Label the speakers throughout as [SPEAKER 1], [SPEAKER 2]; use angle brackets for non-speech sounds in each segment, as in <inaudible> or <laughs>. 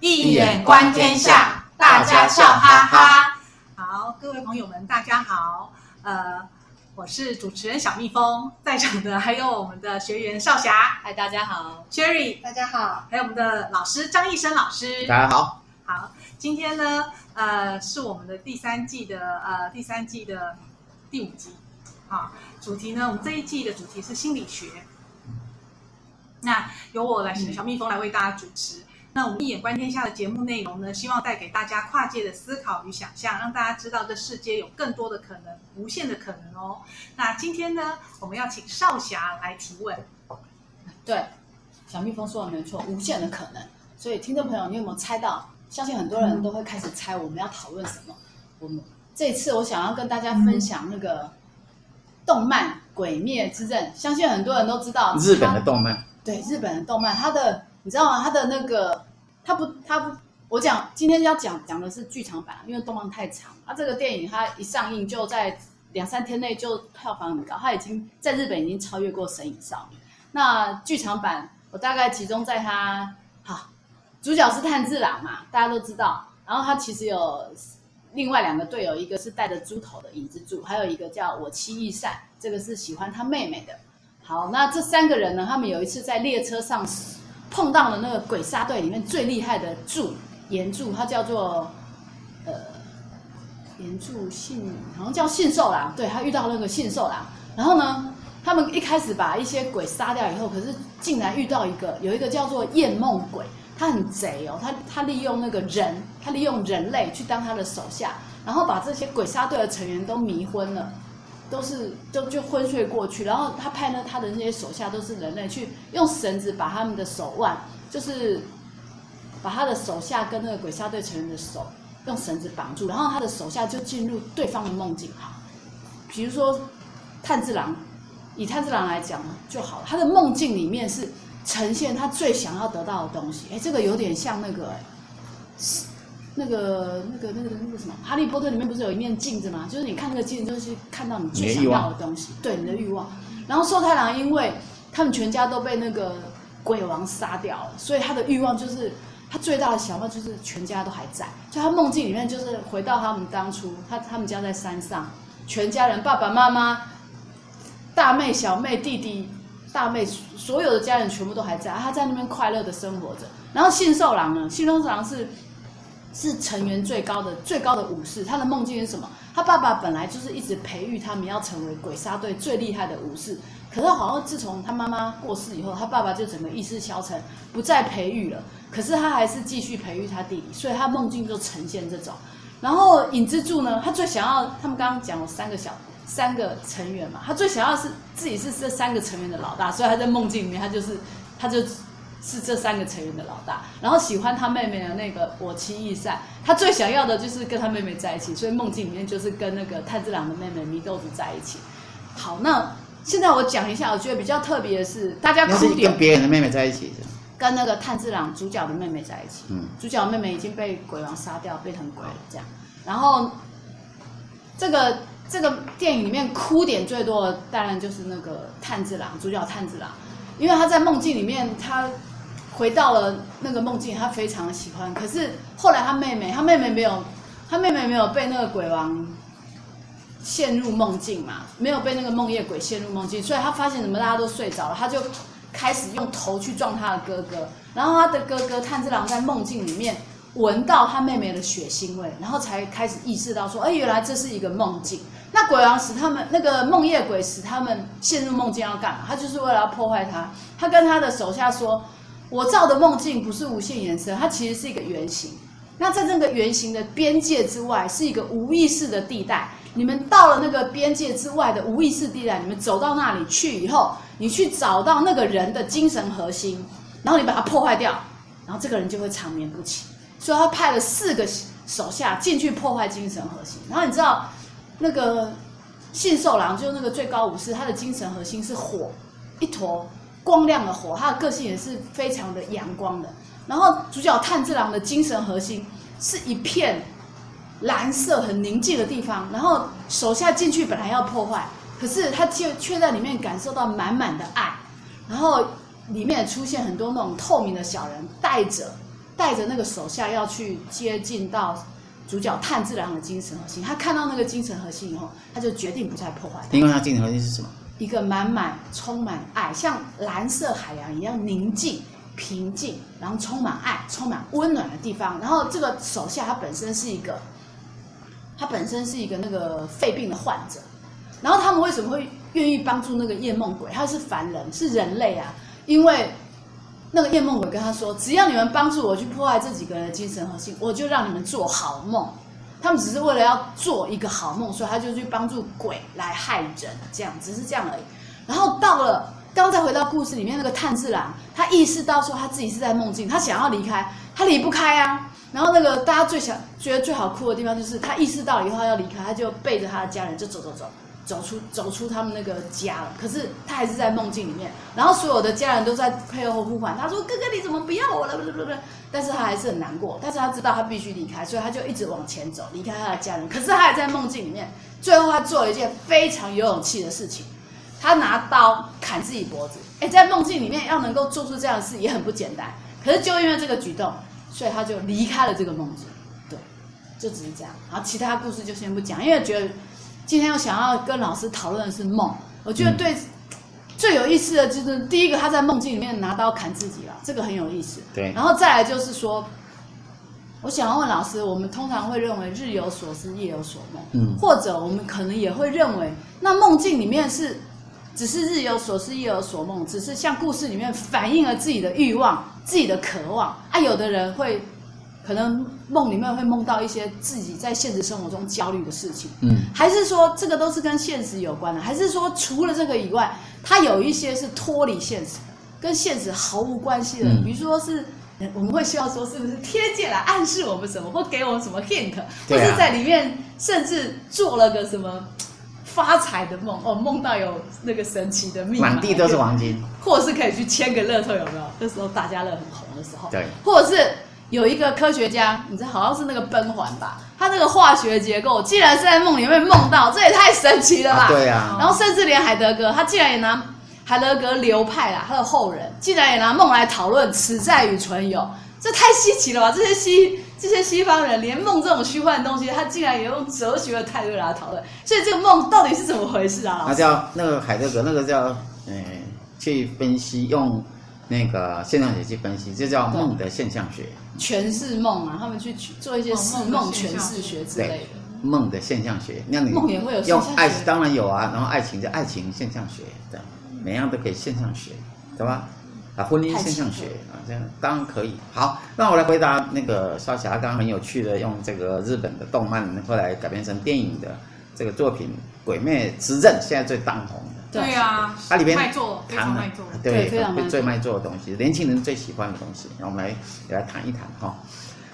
[SPEAKER 1] 易眼，哈哈易眼觀天下，大家笑哈哈。好，各位朋友們，大家好。呃，我是主持人小蜜蜂，在場的還有我們的學員少霞，嗨，大家好。Sherry，大家好。還有我們的老師張藝生老師，大家好。好，今天呢，呃，是我們的第三季的呃第三季的第五集。好、啊，主題呢，我們這一季的主題是心理學。那由我來小蜜蜂來為大家主持。嗯那我們「易眼觀天下」的節目內容呢，希望帶給大家跨界的思考與想象，讓大家知道這世界有更多的可能，無限的可能哦。那今天呢，我們要請少俠來提問。
[SPEAKER 2] 對，小蜜蜂說的沒錯，無限的可能。所以，聽眾朋友，你有沒有猜到？相信很多人都會開始猜我們要討論什麼。我們這次我想要跟大家分享那個動漫《嗯、鬼滅之刃》，相信很多人都知道日本的動漫。對，日本的動漫，它的。你知道嗎？他的那個，他不，他不，我講今天要講講的是劇場版，因為動漫太長。他、啊、這個電影，他一上映就在兩三天內就票房很高，他已經在日本已經超越過《神隱少女》。那劇場版，我大概集中在他好主角是炭治郎嘛，大家都知道。然後他其實有另外兩個隊友，一個是帶着豬頭的伊之助，還有一個叫我妻善逸，這個是喜歡他妹妹的。好，那這三個人呢，他們有一次在列車上市。碰到了那個鬼殺隊裡面最厲害的柱，炎柱，他叫做，呃，炎柱杏，好像叫杏壽郎。對，他遇到那個杏壽郎，然後呢，他們一開始把一些鬼殺掉以後，可是竟然遇到一個，有一個叫做魘夢鬼，他很賊哦，他他利用那個人，他利用人類去當他的手下，然後把這些鬼殺隊的成員都迷昏了。都是都就，就昏睡過去，然後他派了他的那些手下都是人類，去用繩子把他們的手腕，就是把他的手下跟那個鬼殺隊成員的手用繩子綁住，然後他的手下就進入對方的夢境哈。比如說炭治郎，以炭治郎來講就好，他的夢境裡面是呈現他最想要得到的東西。哎，這個有點像那個。那個、那個、那個、那個什麼，《哈利波特》裡面不是有一面鏡子嗎？就是你看那個鏡子，就是看到你最想要的東西，你對你的慾望。然後瘦太郎，因為他們全家都被那個鬼王殺掉了，所以他的慾望就是他最大的想法就是全家都還在。就他夢境裡面，就是回到他們當初，他他們家在山上，全家人爸爸媽媽、大妹、小妹、弟弟、大妹，所有的家人全部都還在，他在那邊快樂的生活着。然後杏壽郎呢？杏壽郎是。是成員最高的最高的武士，他的夢境是什麼？他爸爸本來就是一直培育他們要成為鬼殺隊最厲害的武士，可是好像自從他媽媽過世以後，他爸爸就整個意志消沉，不再培育了。可是他還是繼續培育他弟弟，所以他夢境就呈現這種。然後伊之助呢，他最想要，他們剛剛講了三個小三個成員嘛，他最想要是自己是這三個成員的老大，所以他在夢境裡面他就是他就。是這三個成員的老大，然後喜歡他妹妹的那個我妻易善，他最想要的就是跟他妹妹在一起，所以夢境裡面就是跟那個炭治郎的妹妹祢豆子在一起。好，那現在我講一下，我覺得比較特別的是，大家哭點跟
[SPEAKER 3] 別人的妹妹在一起，
[SPEAKER 2] 跟那個炭治郎主角的妹妹在一起。嗯，主角的妹妹已經被鬼王殺掉，變成鬼了這樣。然後這個這個電影裡面哭點最多的，當然就是那個炭治郎主角炭治郎，因為他在夢境裡面他。回到了那個夢境，他非常的喜歡。可是後來他妹妹，他妹妹沒有，他妹妹沒有被那個鬼王陷入夢境嘛？沒有被那個夢魘鬼陷入夢境。所以他發現什麼？大家都睡着了，他就開始用頭去撞他的哥哥。然後他的哥哥炭治郎在夢境裡面聞到他妹妹的血腥味，然後才開始意識到說：“哎、欸，原來這是一個夢境。”那鬼王使他們那個夢魘鬼使他們陷入夢境要幹嘛？他就是為了要破壞他。他跟他的手下說。我造的夢境不是無限延伸，它其實是一個圓形。那在那個圓形的邊界之外，是一個無意識的地帶。你們到了那個邊界之外的無意識地帶，你們走到那裡去以後，你去找到那個人的精神核心，然後你把它破壞掉，然後這個人就會長眠不起。所以，他派了四個手下進去破壞精神核心。然後，你知道那個杏壽郎，就那個最高武士，他的精神核心是火，一坨。光亮的火，他的個性也是非常的陽光的。然後主角炭治郎的精神核心是一片藍色很寧靜的地方，然後手下進去本來要破壞，可是他卻卻在裡面感受到滿滿的愛，然後裡面出現很多那種透明的小人，帶着帶着那個手下要去接近到主角炭治郎的精神核心。他看到那個精神核心以後，他就決定不再破壞。因
[SPEAKER 3] 為他精神核心是什麼？
[SPEAKER 2] 一個滿滿充滿愛，像藍色海洋一樣寧靜、平靜，然後充滿愛、充滿溫暖的地方。然後這個手下他本身是一個，他本身是一個那個肺病的患者。然後他們為什麼會願意幫助那個魘夢鬼？他是凡人，是人類啊！因為那個魘夢鬼跟他說，只要你們幫助我去破壞這幾個人的精神核心，我就讓你們做好夢。他們只是為了要做一個好夢，所以他就去幫助鬼來害人，這樣只是這樣而已。然後到了，剛才回到故事裡面，那個炭治郎，他意識到說他自己是在夢境，他想要離開，他離不開啊。然後那個大家最想覺得最好哭的地方，就是他意識到以後他要離開，他就背着他的家人就走走走。走出走出他們那個家了，可是他還是在夢境裡面。然後所有的家人都在背後呼喚他說：“哥哥，你怎麼不要我了？”不不不不，但是他還是很難過。但是他知道他必須離開，所以他就一直往前走，離開他的家人。可是他還在夢境裡面。最後他做了一件非常有勇氣的事情，他拿刀砍自己脖子。誒，在夢境裡面要能夠做出這樣的事也很不簡單。可是就因為這個舉動，所以他就離開了這個夢境。對，就只是這樣。然後其他故事就先不講，因為覺得。今天我想要跟老師討論的是夢，我覺得對最有意思的就是第一個，他在夢境裡面拿刀砍自己了，這個很有意思。對，然後再來就是說，我想要問老師，我們通常會認為日有所思，夜有所夢、嗯，或者我們可能也會認為那夢境裡面是只是日有所思，夜有所夢，只是像故事裡面反映了自己的慾望、自己的渴望啊。有的人會可能。夢裡面會夢到一些自己在現實生活中焦慮的事情，嗯，還是說這個都是跟現實有關的？還是說除了這個以外，它有一些是脫離現實的，跟現實毫無關係的、嗯？比如說是我們會希望說，是不是天界來暗示我們什麼，或給我們什麼 hint，、啊、或是在裡面甚至做了個什麼發財的夢？哦，夢到有那個神奇的密碼，滿地都是黃金，或者是可以去簽個樂透，有沒有？那時候大家樂很紅的時候，對，或者是。有一個科學家，你知道好像是那個苯環吧？他那個化學結構，竟然是在夢裡面夢到，這也太神奇了吧，啊？對啊！然後，甚至連海德格，他竟然也拿海德格流派啦，他的後人竟然也拿夢來討論此在與存有，這太稀奇了吧？這些西這些西方人，連夢這種虛幻的東西，他竟然也用哲學的態度來討論，所以這個夢到底是怎麼回事啊？那
[SPEAKER 3] 叫那個海德格，那個叫嗯、呃，去分析用。那個現象學去分析，這叫夢的現象學，
[SPEAKER 2] 全是夢啊！他們去做一些夢詮釋學之
[SPEAKER 3] 類的。夢的現象學，讓你，你用愛當然有啊，然後愛情就愛情現象學，每樣都可以現象學，對吧？嗯、啊，婚姻現象學啊，這樣當然可以。好，那我來回答那個少俠剛剛很有趣的，用這個日本的動漫後來改編成電影的這個作品《鬼滅之刃》，現在最當紅。對啊，它裡面，談賣座，對，最賣座的東西，年輕人最喜歡的東西，讓我們來給他談一談哈。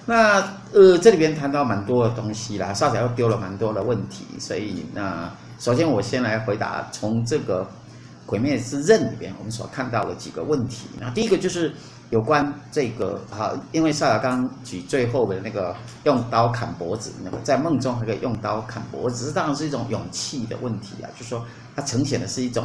[SPEAKER 3] 那呃，這裡邊談到蠻多的東西啦，少仔又丟了蠻多的問題，所以那首先我先來回答，從這個《鬼滅之刃》裡邊我們所看到的幾個問題，那第一個就是。有關這個啊，因為邵雅剛，剛舉最後的那個用刀砍脖子，那個在夢中還可以用刀砍脖子，這當然是一種勇氣的問題啊。就是、說他呈現的是一種，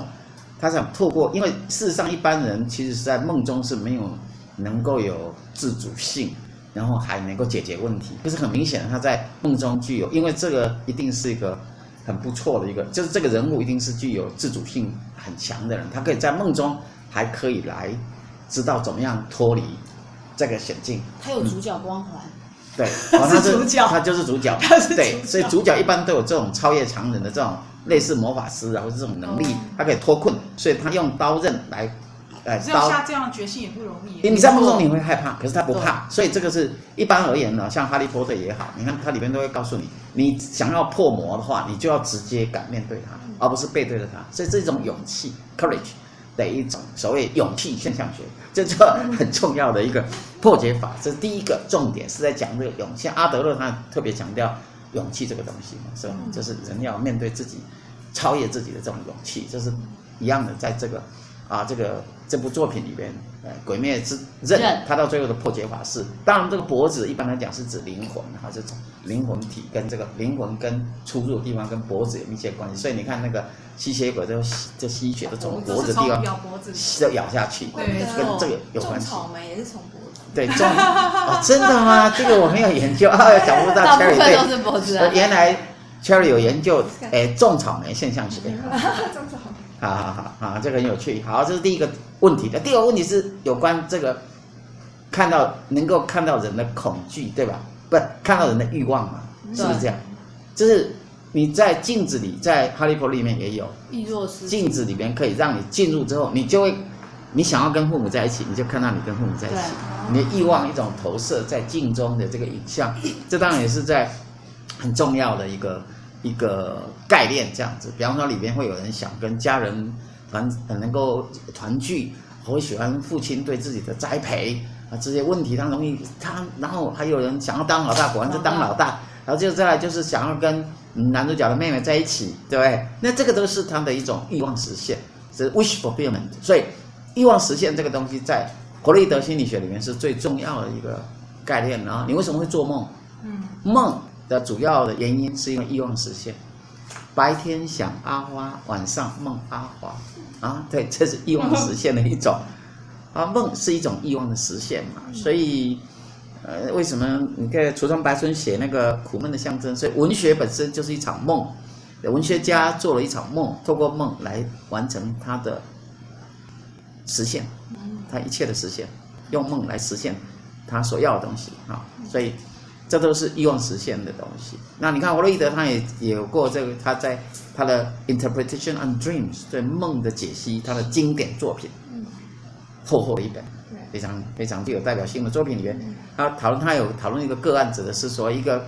[SPEAKER 3] 他想透過，因為事實上一般人其實是在夢中是沒有能夠有自主性，然後還能夠解決問題，就是很明顯的他在夢中具有，因為這個一定是一個很不錯的一個，就是這個人物一定是具有自主性很強的人，他可以在夢中還可以來。知道怎麼樣脫離這個險境。
[SPEAKER 2] 他有主角光環、
[SPEAKER 3] 嗯。對，他 <laughs> 是主角，哦、他就，他就是，主 <laughs> 他是主角。對，所以主角一般都有這種超越常人的這種類似魔法師然後這種能力、嗯，他可以脫困。所以他用刀刃來，哎，刀。這下這樣的
[SPEAKER 1] 決心也不容易。你在夢中你
[SPEAKER 3] 會害怕，可是他不怕，所以這個是一般而言呢，像哈利波特也好，你看他裡面都會告訴你，你想要破魔的話，你就要直接敢面對他、嗯，而不是背對着他。所以這種勇氣，courage。的一種所謂勇氣現象學，這是很重要的一個破解法，這是第一個重點，是在講這個勇氣，阿德勒他特別強調勇氣這個東西嘛，是吧？就是人要面對自己，超越自己的這種勇氣，就是一樣的，在這個啊，這個。這部作品裡邊，呃，《鬼滅之刃》，它到最後的破解法是，當然這個脖子一般來講是指靈魂啊，這種靈魂體跟這個靈魂跟出入的地方跟脖子有密切關係，所以你看那個吸血鬼都吸，就吸血都從脖子的地方脖子的，都咬下去，跟這個有關係。種草莓也是從脖子？對，種、哦、真的嗎？這個我沒有研究，想不到。大部分都是脖子、啊哦、原來 Cherry 有研究，哎，種草莓現象是種
[SPEAKER 2] 草莓
[SPEAKER 3] 好好好，這個很有趣。好，這是第一個。問題的第二個問題是有關這個看到，能夠看到人的恐懼，對吧？不是看到人的欲望嘛？是不是這樣？就是你在鏡子裡，在《哈利波特》裡面也有，
[SPEAKER 2] 鏡子
[SPEAKER 3] 裡面可以讓你進入之後，你就會你想要跟父母在一起，你就看到你跟父母在一起，你的欲望，嗯，一種投射在鏡中的這個影像，這當然也是在很重要的一個一個概念。這樣子，比方說裡面會有人想跟家人。很很能夠團聚，很喜歡父親對自己的栽培啊，這些問題他容易他，然後還有人想要當老大，果然是當老大，嗯、然後就再來就是想要跟男主角的妹妹在一起，對不對？那這個都是他的一種欲望實現，是 wish fulfillment。所以欲望實現這個東西在佛洛伊德心理學裡面是最重要的一個概念啊！你為什麼會做夢？嗯，夢的主要的原因是因為欲望實現，白天想阿花，晚上夢阿華。啊，對，這是慾望實現的一種，啊，夢是一種慾望的實現嘛，所以，呃，為什麼你看廚川白村寫那個苦悶的象徵？所以文學本身就是一場夢，文學家做了一場夢，透過夢來完成他的實現，他一切的實現，用夢來實現他所要的東西啊，所以這都是慾望實現的東西。那你看弗洛伊德，他也也有過這個，他在。他的 interpretation on dreams，對夢的解析，他的經典作品，嗯、厚厚的一本，非常非常具有代表性的作品裡面，嗯、他討論他有討論一個個案，指的是說一個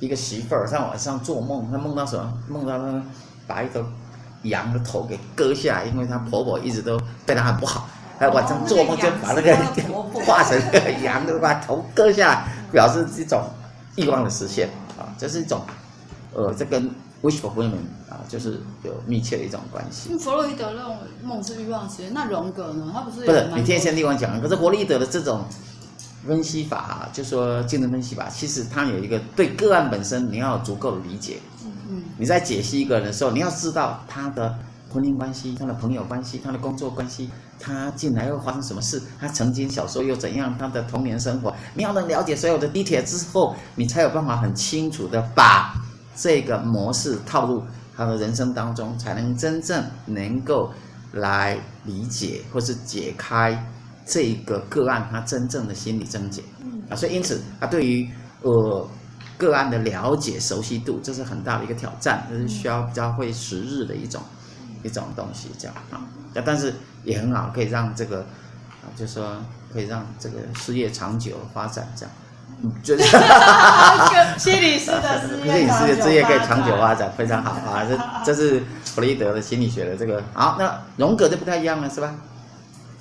[SPEAKER 3] 一個媳婦兒在晚上做夢，她夢到什麼？夢到她把一個羊的頭給割下，因為她婆婆一直都對、嗯、她很不好，她晚上做夢就把那個、嗯、化成個羊，就把頭割下，嗯、表示一種慾望的實現啊，這、就是一種呃，這跟。wishful dreaming、嗯、啊，就是有密切的一種關係。
[SPEAKER 2] 嗯，佛洛伊德認為夢是慾望實現，那榮格呢？他不是不是，你天
[SPEAKER 3] 先地方講。可是佛洛伊德的這種分析法，就說精神分析法，其實他有一個對個案本身你要有足夠的理解。嗯嗯，你在解析一個人的時候，你要知道他的婚姻關係、他的朋友關係、他的工作關係，他近來又發生什麼事，他曾經小時候又怎樣，他的童年生活，你要能了解所有的地鐵之後，你才有辦法很清楚的把。這個模式套入他的人生當中，才能真正能夠來理解或是解開這個個案他真正的心理症結。啊、嗯，所以因此，他對於呃個案的了解熟悉度，這是很大的一個挑戰，這是需要耗費時日的一種、嗯、一種東西，這樣啊。但但是也很好，可以讓這個啊，就是、說可以讓這個事業長久發展這樣。就 <laughs> 是 <laughs> 心理師的 <laughs> 心理師的職業可以長久發展，非常好啊 <laughs> 好好這，這這是弗洛伊德的心理學的這個。好，那榮格就不太一樣了，是吧？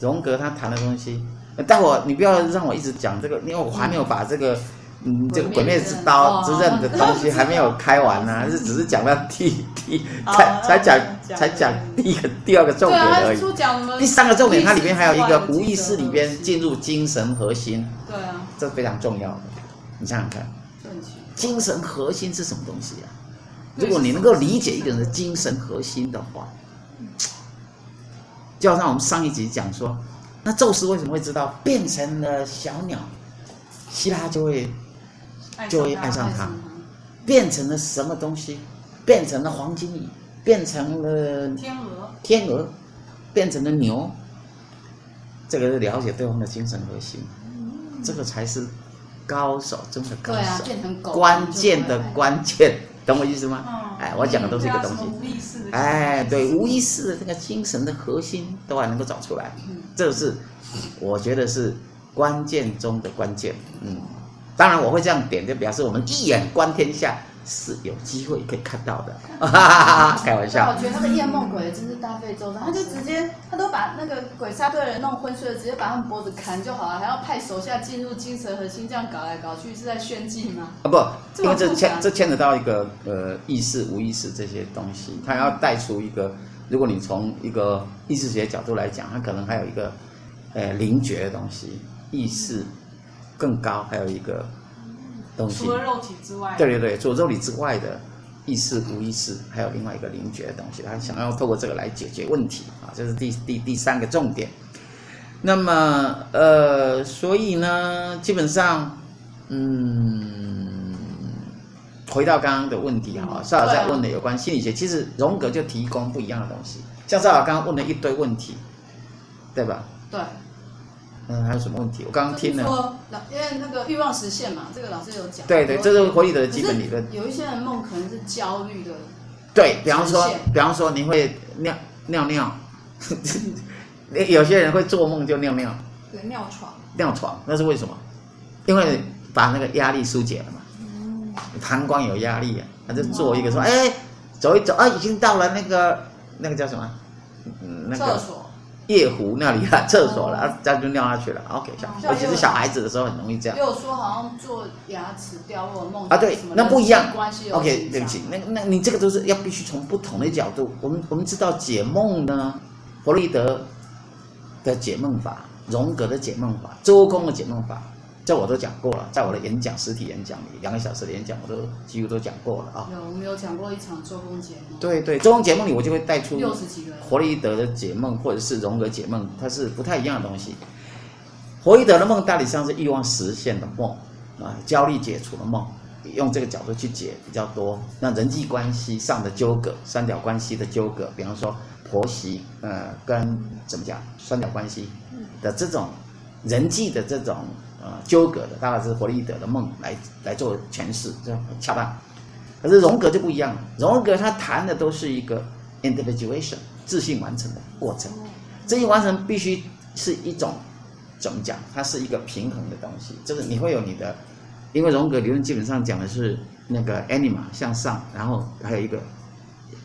[SPEAKER 3] 榮格他談的東西，待會兒，你不要讓我一直講這個，因為我還沒有把這個。嗯，這個《鬼滅之刀》之、哦、刃的東西還沒有開完呢、啊嗯，是只是講到第第、嗯、才、嗯、才講，講才講第一個、第二個重點而已。
[SPEAKER 1] 啊、第三個重點，它裡面還有一個無意識裡邊
[SPEAKER 3] 進入精神核心。對啊，這非常重要的，你想想看，精神核心是什麼東西啊？如果你能夠理解一個人的精神核心的話，就像我們上一集講說，那宙斯為什麼會知道變成了小鳥，希拉就會。
[SPEAKER 1] 啊、就會愛上，愛上
[SPEAKER 3] 他，變成了什麼東西、嗯？變成了黃金雨，變成了天鵝，天鵝，變成了牛。這個是了解對方的精神核心，嗯、這個才是高手中的高手、嗯啊。關鍵的關鍵，懂我意思嗎、嗯？哎，我講的都是一個東西。
[SPEAKER 1] 哎，
[SPEAKER 3] 對，無意識的這個精神的核心都還能夠找出來，這是我覺得是關鍵中的關鍵，嗯。嗯嗯嗯嗯當然我會這樣點，就表示我們易眼觀天下是有機會可以看到的， <laughs> 開玩笑。我覺
[SPEAKER 2] 得那個魘夢鬼真是大費周章，他就直接他都把那個鬼殺隊的人弄昏睡了，直接把他們脖子砍就好了，還要派手下進入精神核心，這樣搞來搞去是在炫技嗎？
[SPEAKER 3] 啊不，因為這牽 <laughs> 這牽扯到一個呃意識、無意識這些東西，他要帶出一個，如果你從一個意識學的角度來講，他可能還有一個呃靈覺的東西意識。嗯更高還有一個東西，除了肉體之外，對對對，除了肉體之外的意識、無意識，還有另外一個靈覺的東西，他想要透過這個來解決問題啊，這是第第第三個重點。那麼呃，所以呢，基本上，嗯，回到剛剛的問題哈，邵爾在問的有關心理學，其實榮格就提供不一樣的東西，像邵爾剛剛問了一堆問題，對吧？對。嗯，還有什麼問題？我剛剛聽了說，
[SPEAKER 2] 因為那個慾望實現嘛，這個老師有講。對，對對，這是合理的基本理論。有一些人夢可能是焦
[SPEAKER 3] 慮的，對比方說，比方說你會尿尿尿， <laughs> 有些人會做夢就尿尿。對，尿
[SPEAKER 1] 床，
[SPEAKER 3] 尿床，那是為什麼？因為把那個壓力疏解了嘛。膀、嗯、胱有壓力啊，他就做一個說，哎、欸，走一走啊，已經到了那個那個叫什麼？嗯、那個，廁所。夜壺那裡啊，廁所了、嗯，這樣就尿下去了。OK，小、嗯、尤其是小孩子的時候很容易這樣。有
[SPEAKER 2] 說好像做牙齒掉或者夢啊？對，那不一樣。OK，對不起，那那你這
[SPEAKER 3] 個都是要必須從不同的角度。我們我們知道解夢呢，弗洛伊德的解夢法，榮格的解夢法，周公的解夢法。這我都講過了，在我的演講、實體演講裡，兩個小時的演講我都幾乎都講過了啊。有，
[SPEAKER 2] 沒有講過一場周公解
[SPEAKER 3] 夢。對對，周公解夢裡我就會帶出。六十幾個人。弗洛伊德的解夢或者是榮格解夢，它是不太一樣的東西。弗洛伊德的夢，大體上是欲望實現的夢啊，焦慮解除的夢，用這個角度去解比較多。那人際關係上的糾葛，三角關係的糾葛，比方說婆媳呃跟怎麼講三角關係的這種、嗯、人際的這種。啊，糾葛的大概是弗洛伊德的夢來來做詮釋，這樣恰當。可是榮格就不一樣，榮格他談的都是一個 individuation 自性完成的過程。自性完成必須是一種怎麼講？它是一個平衡的東西，就是你會有你的，因為榮格理論基本上講的是那個 anima 向上，然後還有一個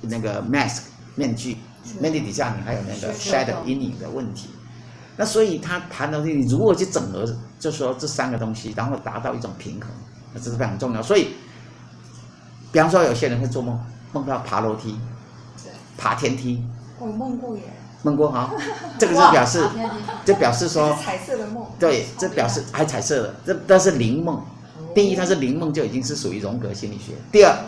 [SPEAKER 3] 那個 mask 面具，面具底下你還有那個 shadow 陰影的問題。那所以他爬樓梯，你如何去整合，就說這三個東西，然後達到一種平衡，那這是非常重要。所以，比方說，有些人會做夢，夢到爬樓梯，爬天梯。我、哦、夢過耶。夢過哈、哦，這個就表示，就表示說，彩色的夢。對，對這表示還彩色的，這都是靈夢、哦。第一，它是靈夢就已經是屬於榮格心理學。第二，哦、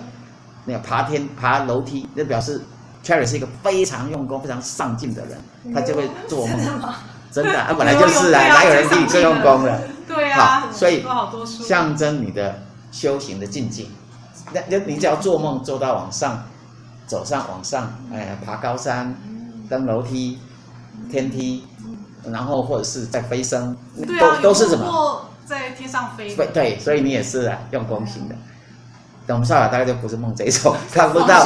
[SPEAKER 3] 那個爬天爬樓梯，那表示 Cherry 是一個非常用功、非常上進的人，他就會做夢。嗯真的啊，本來就是啊，有有啊哪有人比你更用功的？對啊，對啊。所以象徵你的修行的境界。那那你只要做夢做到往上，走上往上，哎、嗯，爬高山，嗯、登樓梯，嗯、天梯、嗯，然後或者是在飛升，啊、都都是什麼在天
[SPEAKER 1] 上飛？對對，
[SPEAKER 3] 所以你也是啊，用功型的。我們少爺大概就不是夢這一種，看不到。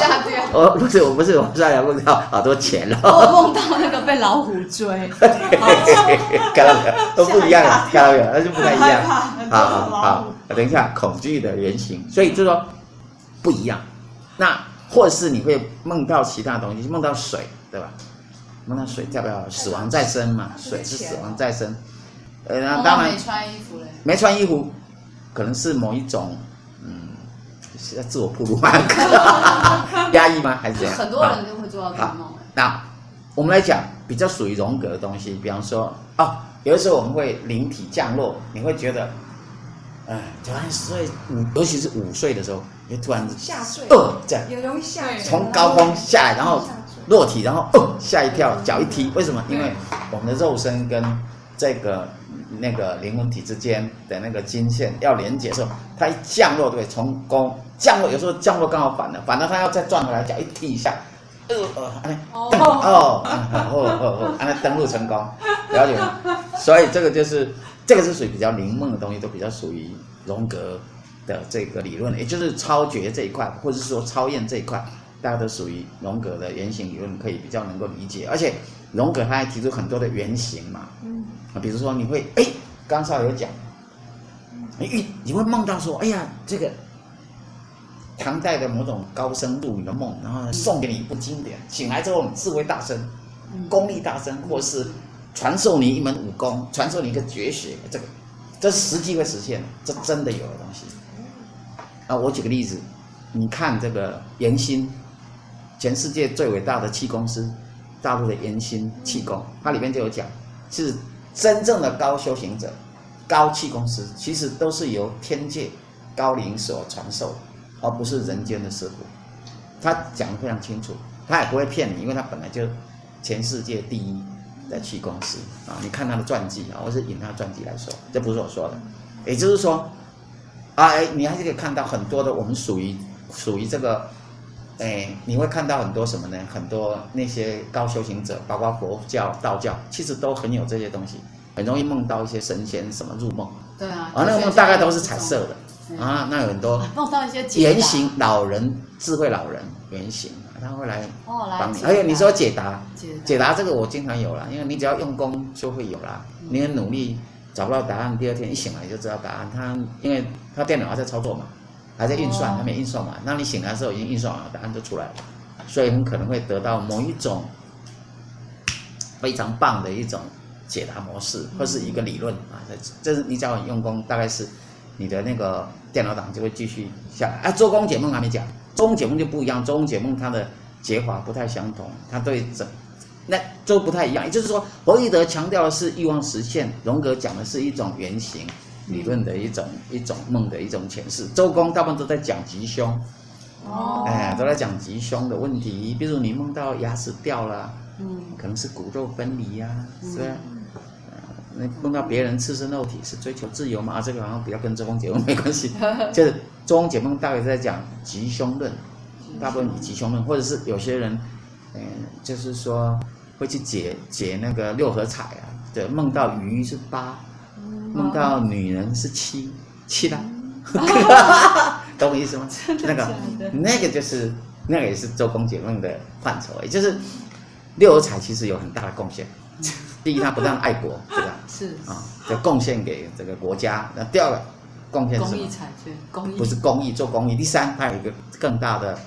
[SPEAKER 3] 我不是，我不是，我們少爺不知道好多錢了。我夢到
[SPEAKER 2] 那個被老虎
[SPEAKER 3] 追。 <laughs> <laughs> 嘿嘿嘿嘿，看到沒有？都不一樣，看到沒有？那就不太一樣。好，好，好。等一下，恐懼的原型，嗯、所以就是說不一樣。那或者是你會夢到其他東西，夢到水，對吧？夢到水代表死亡再生嘛？水是死亡再生。呃，當然。沒穿衣服嘞。沒穿衣服，可能是某一種。在自我暴露嗎？ <laughs> <laughs> 壓抑嗎？還是怎樣？很多人都會做到這種夢。那我們來講比較屬於榮格的東西，比方說，哦，有的時候我們會靈體降落，你會覺得，哎、呃，突然睡午，尤其是午睡的時候，你會突然嚇睡哦，這樣也容易嚇。從高空下來，然後落體，然後哦嚇、呃、一跳，腳一踢，為什麼？因為我們的肉身跟。這個那個靈魂體之間的那個金線要連接的時候，它一降落對不對，從高降落，有時候降落剛好反了，反了它要再轉回來，腳一踢一下，哦哦哦，哦,哦,哦,哦、啊、登陸成功，了解嗎？所以這個就是，這個是屬於比較靈夢的東西，都比較屬於榮格的這個理論，也就是超覺這一塊，或者是說超驗這一塊，大家都屬於榮格的原型理論，可以比較能夠理解，而且。龍格他還提出很多的原型嘛，嗯、啊，比如說你會哎、欸，剛才有講，你、欸、你會夢到說哎呀，這個唐代的某種高僧入你的夢，然後送給你一部經典，醒來之後你智慧大增，功力大增，或是傳授你一門武功，傳授你一個絕學，這個這實際會實現的，這真的有的東西。那我舉個例子，你看這個嚴新，全世界最偉大的氣功師。大陸的嚴新氣功，它裡面就有講，是真正的高修行者、高氣功師，其實都是由天界高靈所傳授，而不是人間的師傅。他講得非常清楚，他也不會騙你，因為他本來就全世界第一的氣功師啊！你看他的傳記啊，我是引他的傳記來說，這不是我說的。也就是說，啊，哎，你還是可以看到很多的我們屬於屬於這個。哎，你會看到很多什麼呢？很多那些高修行者，包括佛教、道教，其實都很有這些東西，很容易夢到一些神仙什麼入夢。
[SPEAKER 2] 對啊，而、啊、那個夢大概都
[SPEAKER 3] 是彩色的啊，啊，那有很多
[SPEAKER 2] 夢到一些原型
[SPEAKER 3] 老人、智慧老人原型、啊，他會來幫你。哦、來解答、而且你說解答解答，解答這個，我經常有了，因為你只要用功就會有了、嗯，你很努力找不到答案，第二天一醒來就知道答案。他因為他電腦還在操作嘛。還在運算，還沒運算完。那你醒來的時候已經運算完了，答案就出來了。所以很可能會得到某一種非常棒的一種解答模式，或是一個理論啊。這、嗯、這、就是你只要用功，大概是你的那個電腦檔就會繼續下來。啊，周公解夢還沒講，周公解夢就不一樣，周公解夢它的解法不太相同，它對整那都不太一樣。也就是說，佛洛伊德強調的是慾望實現，榮格講的是一種原型。理論的一種一種夢的一種詮釋。周公大部分都在講吉凶，哦，哎，都在講吉凶的問題。比如你夢到牙齒掉了，嗯，可能是骨肉分離啊，是吧？那，嗯，夢到別人赤身肉體是追求自由嘛？這個好像比較跟周公解夢沒關係。就是周公解夢，大概在講吉凶論，凶大部分以吉凶論，或者是有些人，嗯，就是說會去解解那個六合彩啊，對，夢到魚是八。夢到女人是七七啦，哦、 <laughs> 懂我意思嗎？那個，那個就是那個也是周公解夢的範疇，也就是六合彩其實有很大的貢獻。第一，他不但愛國，對 <laughs> 吧？是啊，哦，就貢獻給這個國家。那第二個貢獻什麼？公益
[SPEAKER 2] 彩卷，公益不是
[SPEAKER 3] 公益，做公益，公益。第三，它有一個更大的，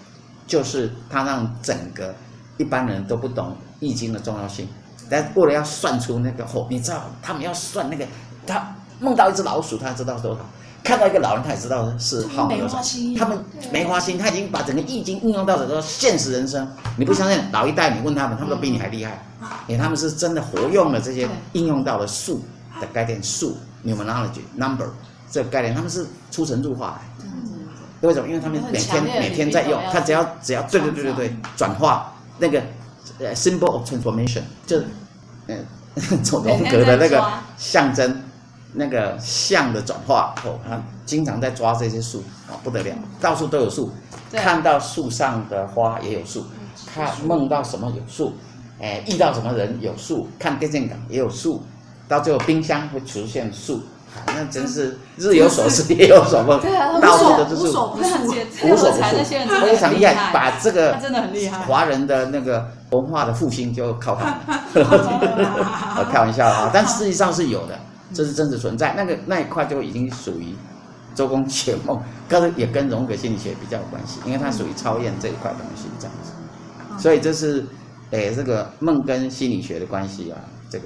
[SPEAKER 3] 就是它讓整個一般人都不懂易經的重要性。但為了要算出那個後你知道，他們要算那個，他夢到一只老鼠，他知道多少；看到一個老人，他也知道是好多少。他們沒花心，他們沒花心，他已經把整個易經應用到了現實人生。你不相信？老一代你問他們，他們都比你還厲害。嗯、因為他們是真的活用了這些應用到的數的概念，數 （numerology、Neumology, number） 這個概念，他們是出神入化的。的、嗯、為什麼？因為他們每天每天在用，他只要只要對對對對對轉化、嗯、那個。呃，Symbol of Transformation，就，嗯，從榮格的那個象徵，那個象的轉化，哦，他經常在抓這些樹啊、哦，不得了，嗯、到處都有樹，
[SPEAKER 1] 看到
[SPEAKER 3] 樹上的花也有樹、嗯，看夢到什麼有樹，哎、嗯，遇、欸、到什麼人有樹，看電線桿也有樹，到最後冰箱會出現樹、啊，那真是日有所思、嗯、夜有所夢，到處都是樹，無所不樹、無所不樹非常厲害，害，把這個華人的那個。文化的復興就靠它們， <laughs> <laughs> 開玩笑啊！但實際上是有的，這是真實存在。那個那一塊就已經屬於周公解夢，跟也跟榮格心理學比較有關係，因為它屬於超驗這一塊東西這樣子。
[SPEAKER 1] 所以這
[SPEAKER 3] 是、哎、這個夢跟心理學的關係啊，這個、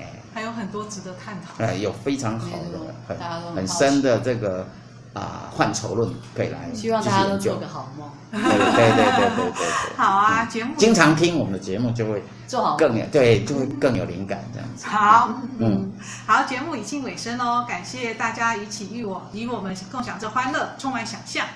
[SPEAKER 3] 哎、還有很多值得探討。哎、有非常好的、很很深的這個。啊，換愁論可以來，希望大家都做個好夢。 <laughs> 對對對對對，對， <laughs>
[SPEAKER 1] 好啊，節目、嗯、經常
[SPEAKER 3] 聽我們的節目就會做好更有對，就會更有靈感這樣子。
[SPEAKER 1] 好、嗯，嗯，好，節目已經尾聲嘍。感謝大家一起與我與我們共享這歡樂，充滿想象。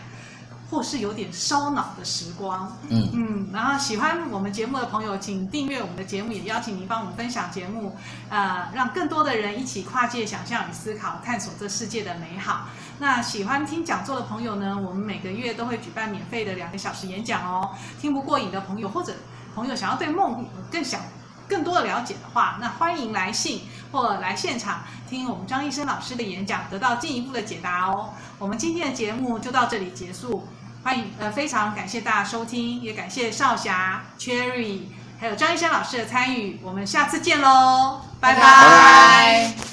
[SPEAKER 1] 或是有點燒腦的時光，嗯嗯，然後喜歡我們節目的朋友，請訂閱我們的節目，也邀請您幫我們分享節目，啊、呃，讓更多的人一起跨界想象與思考，探索這世界的美好。那喜歡聽講座的朋友呢，我們每個月都會舉辦免費的兩個小時演講哦。聽不過癮的朋友，或者朋友想要對夢更想更多的了解的話，那歡迎來信或者來現場聽我們張醫生老師的演講，得到進一步的解答哦。我們今天的節目就到這裡結束。歡迎，呃，非常感謝大家收聽，也感謝少霞、Cherry，還有張一山老師的參與，我們下次見嘍，拜拜。拜拜拜拜。